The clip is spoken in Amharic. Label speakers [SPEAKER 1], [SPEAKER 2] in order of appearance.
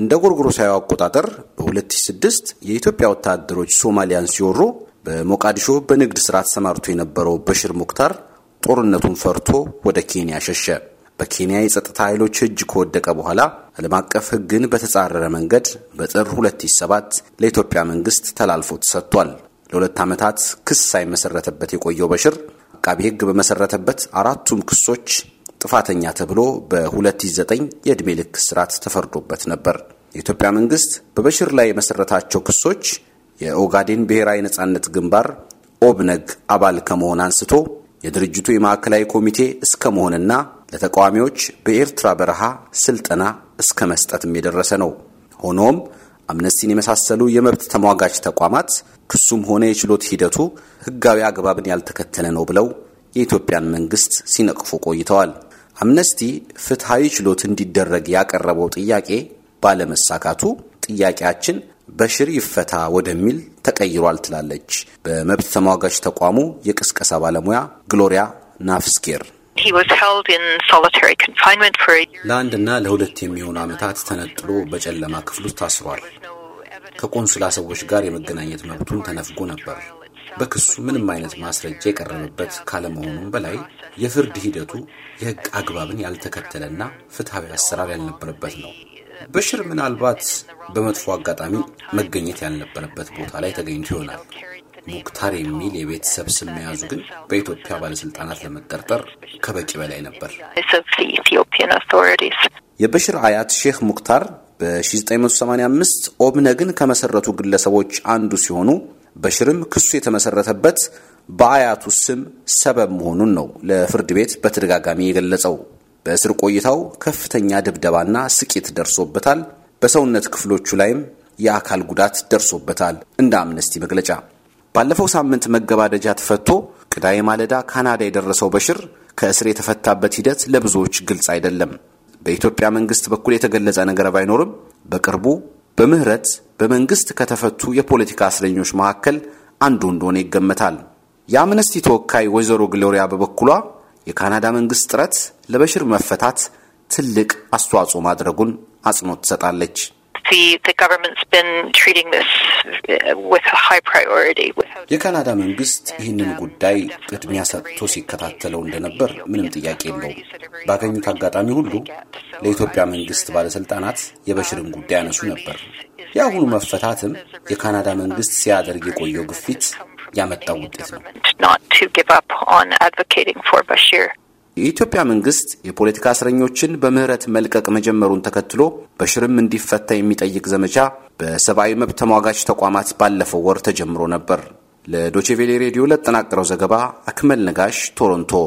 [SPEAKER 1] እንደ ጎርጎሮሳዊ አቆጣጠር በ2006 የኢትዮጵያ ወታደሮች ሶማሊያን ሲወሩ በሞቃዲሾ በንግድ ስራ ተሰማርቶ የነበረው በሽር ሙክታር ጦርነቱን ፈርቶ ወደ ኬንያ ሸሸ። በኬንያ የጸጥታ ኃይሎች እጅ ከወደቀ በኋላ ዓለም አቀፍ ሕግን በተጻረረ መንገድ በጥር 2007 ለኢትዮጵያ መንግስት ተላልፎ ተሰጥቷል። ለሁለት ዓመታት ክስ ሳይመሰረተበት የቆየው በሽር አቃቢ ሕግ በመሰረተበት አራቱም ክሶች ጥፋተኛ ተብሎ በ2009 የዕድሜ ልክ እስራት ተፈርዶበት ነበር። የኢትዮጵያ መንግስት በበሽር ላይ የመሰረታቸው ክሶች የኦጋዴን ብሔራዊ ነጻነት ግንባር ኦብነግ አባል ከመሆን አንስቶ የድርጅቱ የማዕከላዊ ኮሚቴ እስከ መሆንና ለተቃዋሚዎች በኤርትራ በረሃ ስልጠና እስከ መስጠትም የደረሰ ነው። ሆኖም አምነስቲን የመሳሰሉ የመብት ተሟጋች ተቋማት ክሱም ሆነ የችሎት ሂደቱ ሕጋዊ አግባብን ያልተከተለ ነው ብለው የኢትዮጵያን መንግስት ሲነቅፉ ቆይተዋል። አምነስቲ ፍትሐዊ ችሎት እንዲደረግ ያቀረበው ጥያቄ ባለመሳካቱ ጥያቄያችን በሽር ይፈታ ወደሚል ተቀይሯል ትላለች በመብት ተሟጋች ተቋሙ የቅስቀሳ ባለሙያ ግሎሪያ ናፍስኬር። ለአንድና ለሁለት የሚሆኑ ዓመታት ተነጥሎ በጨለማ ክፍል ውስጥ ታስሯል። ከቆንስላ ሰዎች ጋር የመገናኘት መብቱን ተነፍጎ ነበር። በክሱ ምንም አይነት ማስረጃ የቀረበበት ካለመሆኑም በላይ የፍርድ ሂደቱ የህግ አግባብን ያልተከተለና ፍትሐዊ አሰራር ያልነበረበት ነው። በሽር ምናልባት በመጥፎ አጋጣሚ መገኘት ያልነበረበት ቦታ ላይ ተገኝቶ ይሆናል። ሙክታር የሚል የቤተሰብ ስም መያዙ ግን በኢትዮጵያ ባለስልጣናት ለመጠርጠር ከበቂ በላይ ነበር። የበሽር አያት ሼህ ሙክታር በ1985 ኦብነግን ከመሰረቱ ግለሰቦች አንዱ ሲሆኑ በሽርም ክሱ የተመሰረተበት በአያቱ ስም ሰበብ መሆኑን ነው ለፍርድ ቤት በተደጋጋሚ የገለጸው። በእስር ቆይታው ከፍተኛ ድብደባና ስቂት ደርሶበታል። በሰውነት ክፍሎቹ ላይም የአካል ጉዳት ደርሶበታል። እንደ አምነስቲ መግለጫ ባለፈው ሳምንት መገባደጃ ተፈቶ ቅዳሜ ማለዳ ካናዳ የደረሰው በሽር ከእስር የተፈታበት ሂደት ለብዙዎች ግልጽ አይደለም። በኢትዮጵያ መንግስት በኩል የተገለጸ ነገር ባይኖርም በቅርቡ በምህረት በመንግስት ከተፈቱ የፖለቲካ እስረኞች መካከል አንዱ እንደሆነ ይገመታል። የአምነስቲ ተወካይ ወይዘሮ ግሎሪያ በበኩሏ የካናዳ መንግስት ጥረት ለበሽር መፈታት ትልቅ አስተዋጽኦ ማድረጉን አጽንኦት ትሰጣለች። የካናዳ መንግስት ይህንን um, ጉዳይ ቅድሚያ ሰጥቶ ሲከታተለው እንደነበር ምንም ጥያቄ የለውም። ባገኙት አጋጣሚ ሁሉ ለኢትዮጵያ መንግስት ባለስልጣናት የበሽርን um, ጉዳይ ያነሱ ነበር። የአሁኑ መፈታትም የካናዳ መንግስት ሲያደርግ የቆየው ግፊት ያመጣው ውጤት ነው። የኢትዮጵያ መንግስት የፖለቲካ እስረኞችን በምህረት መልቀቅ መጀመሩን ተከትሎ በሽርም እንዲፈታ የሚጠይቅ ዘመቻ በሰብአዊ መብት ተሟጋች ተቋማት ባለፈው ወር ተጀምሮ ነበር። ለዶቼቬሌ ሬዲዮ ለጠናቀረው ዘገባ አክመል ነጋሽ ቶሮንቶ